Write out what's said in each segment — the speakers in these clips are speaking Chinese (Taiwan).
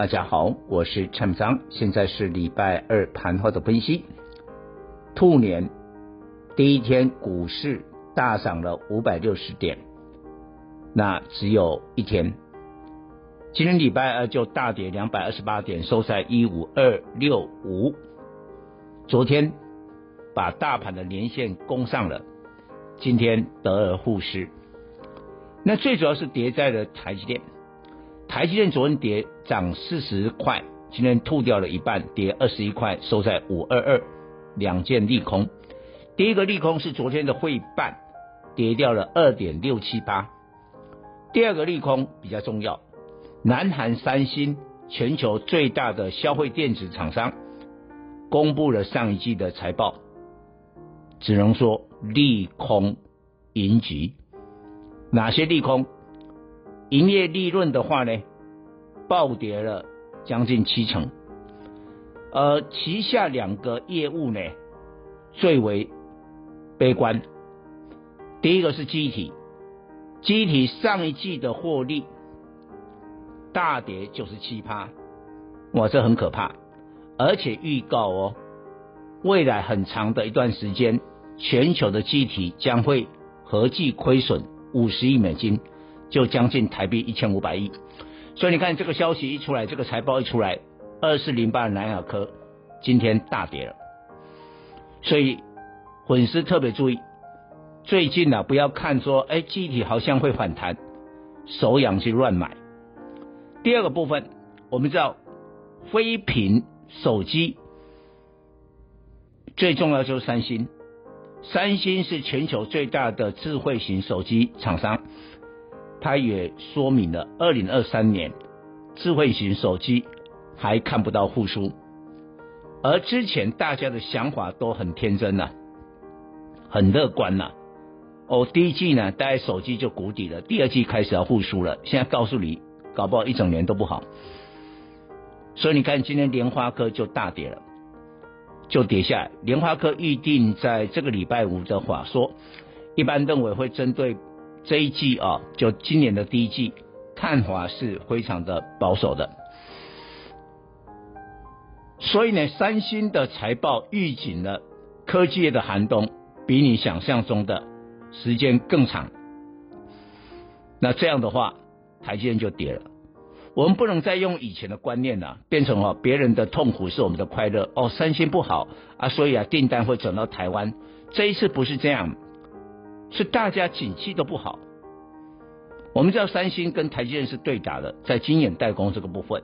大家好，我是蔡明彰，現在是禮拜二盤後的分析。兔年第一天股市大漲了五百六十點，那只有一天，今天禮拜二就大跌兩百二十八點，收在一五二六五。昨天把大盤的年線攻上了，今天得而復失。那最主要是跌在了台積電。台積電昨天跌漲四十塊，今天吐掉了一半，跌二十一塊，收在五二二。兩件利空，第一個利空是昨天的會辦，跌掉了二點六七八。第二個利空比較重要，南韓三星，全球最大的消費電子廠商公布了上一季的財報，只能說利空雲集。哪些利空？營業利潤的話呢，暴跌了將近七成，而旗下兩個業務呢最為悲觀，第一個是機體，機體上一季的獲利大跌九十七趴，哇，這很可怕，而且預告哦，未來很長的一段時間，全球的機體將會合計虧損五十億美金。就將近台幣一千五百億，所以你看這個消息一出來，這個財報一出來，二四零八的南亞科今天大跌了，所以粉絲特別注意。最近呢、啊、不要看說哎記憶體好像會反彈，手癢就亂買。第二個部分，我們知道非蘋手機，最重要就是三星，三星是全球最大的智慧型手機廠商。它也說明了2023，二零二三年智慧型手機還看不到復甦，而之前大家的想法都很天真吶、啊，很樂觀吶、啊。哦，第一季呢，大家手機就谷底了，第二季開始要復甦了。現在告訴你，搞不好一整年都不好。所以你看，今天聯發科就大跌了，就跌下來。聯發科預定在這個禮拜五的話，說一般認為會針對。這一季啊，就今年的第一季，看法是非常的保守的。所以呢，三星的財報預警了科技業的寒冬，比你想象中的時間更長。那這樣的話，台積電就跌了。我們不能再用以前的觀念啊，變成了、啊、別人的痛苦是我們的快樂。哦，三星不好啊，所以啊，訂單會轉到台灣。這一次不是這樣。是大家景氣都不好。我們知道三星跟台積電是對打的，在晶圓代工這個部分。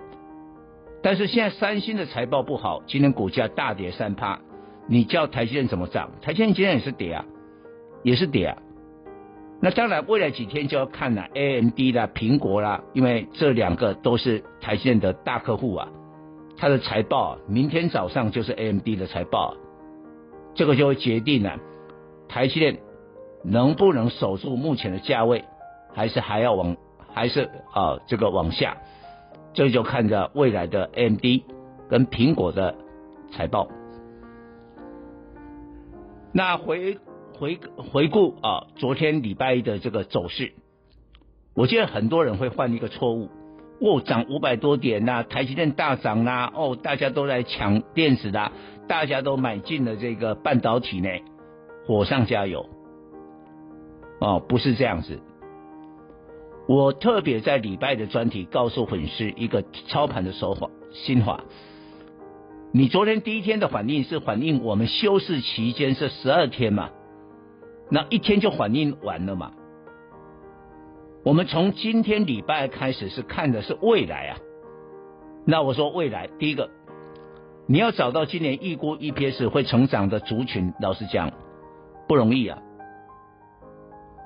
但是現在三星的財報不好，今天股價大跌三趴，你叫台積電怎麼漲？台積電今天也是跌啊，也是跌啊。那當然，未來幾天就要看了、啊、AMD 啦、蘋果啦，因為這兩個都是台積電的大客戶啊。它的財報、啊、明天早上就是 AMD 的財報、啊，這個就會決定了、啊、台積電。能不能守住目前的價位，還是還要往，還是啊、呃、這個往下？這就看着未來的 AMD 跟蘋果的財報。那回回回顧啊、呃，昨天禮拜一的這個走勢，我記得很多人會犯一個錯誤：哦，漲五百多點吶、啊，台積電大漲吶、啊，哦，大家都在搶電子啦、啊，大家都買進了這個半導體內，火上加油。哦，不是這樣子。我特別在禮拜的專題告訴粉絲一個操盤的手法心法。你昨天第一天的反應是反應我們休市期間是十二天嘛，那一天就反應完了嘛。我們從今天禮拜開始是看的是未來啊。那我說未來第一個，你要找到今年預估 EPS 會成長的族群，老實講不容易啊。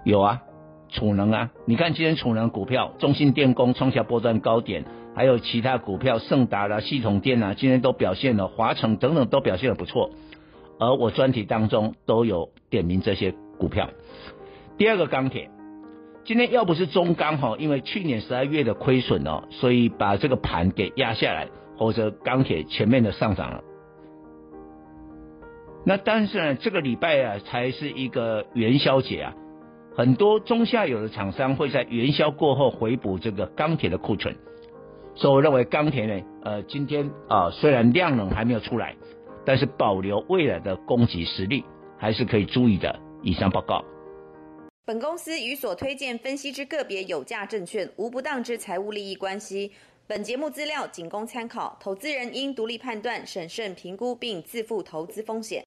有啊，儲能啊，你看今天儲能股票，中興電工創下波段高點，還有其他股票，盛達啦、啊、系統電啊，今天都表現了，華城等等都表現的不錯，而我專題當中都有點名這些股票。第二個鋼鐵，今天要不是中鋼哈、喔，因為去年十二月的虧損哦，所以把這個盤給壓下來，否則鋼鐵全面的上漲了。那但是呢，這個禮拜啊，才是一個元宵節啊。很多中下游的廠商會在元宵過後回補這個鋼鐵的庫存，所以我認為鋼鐵呢，呃，今天啊雖然量能還沒有出來，但是保留未來的供給實力還是可以注意的。以上報告。本公司與所推薦分析之個別有價證券無不當之財務利益關係。本節目資料僅供參考，投資人應獨立判斷、審慎評估並自負投資風險。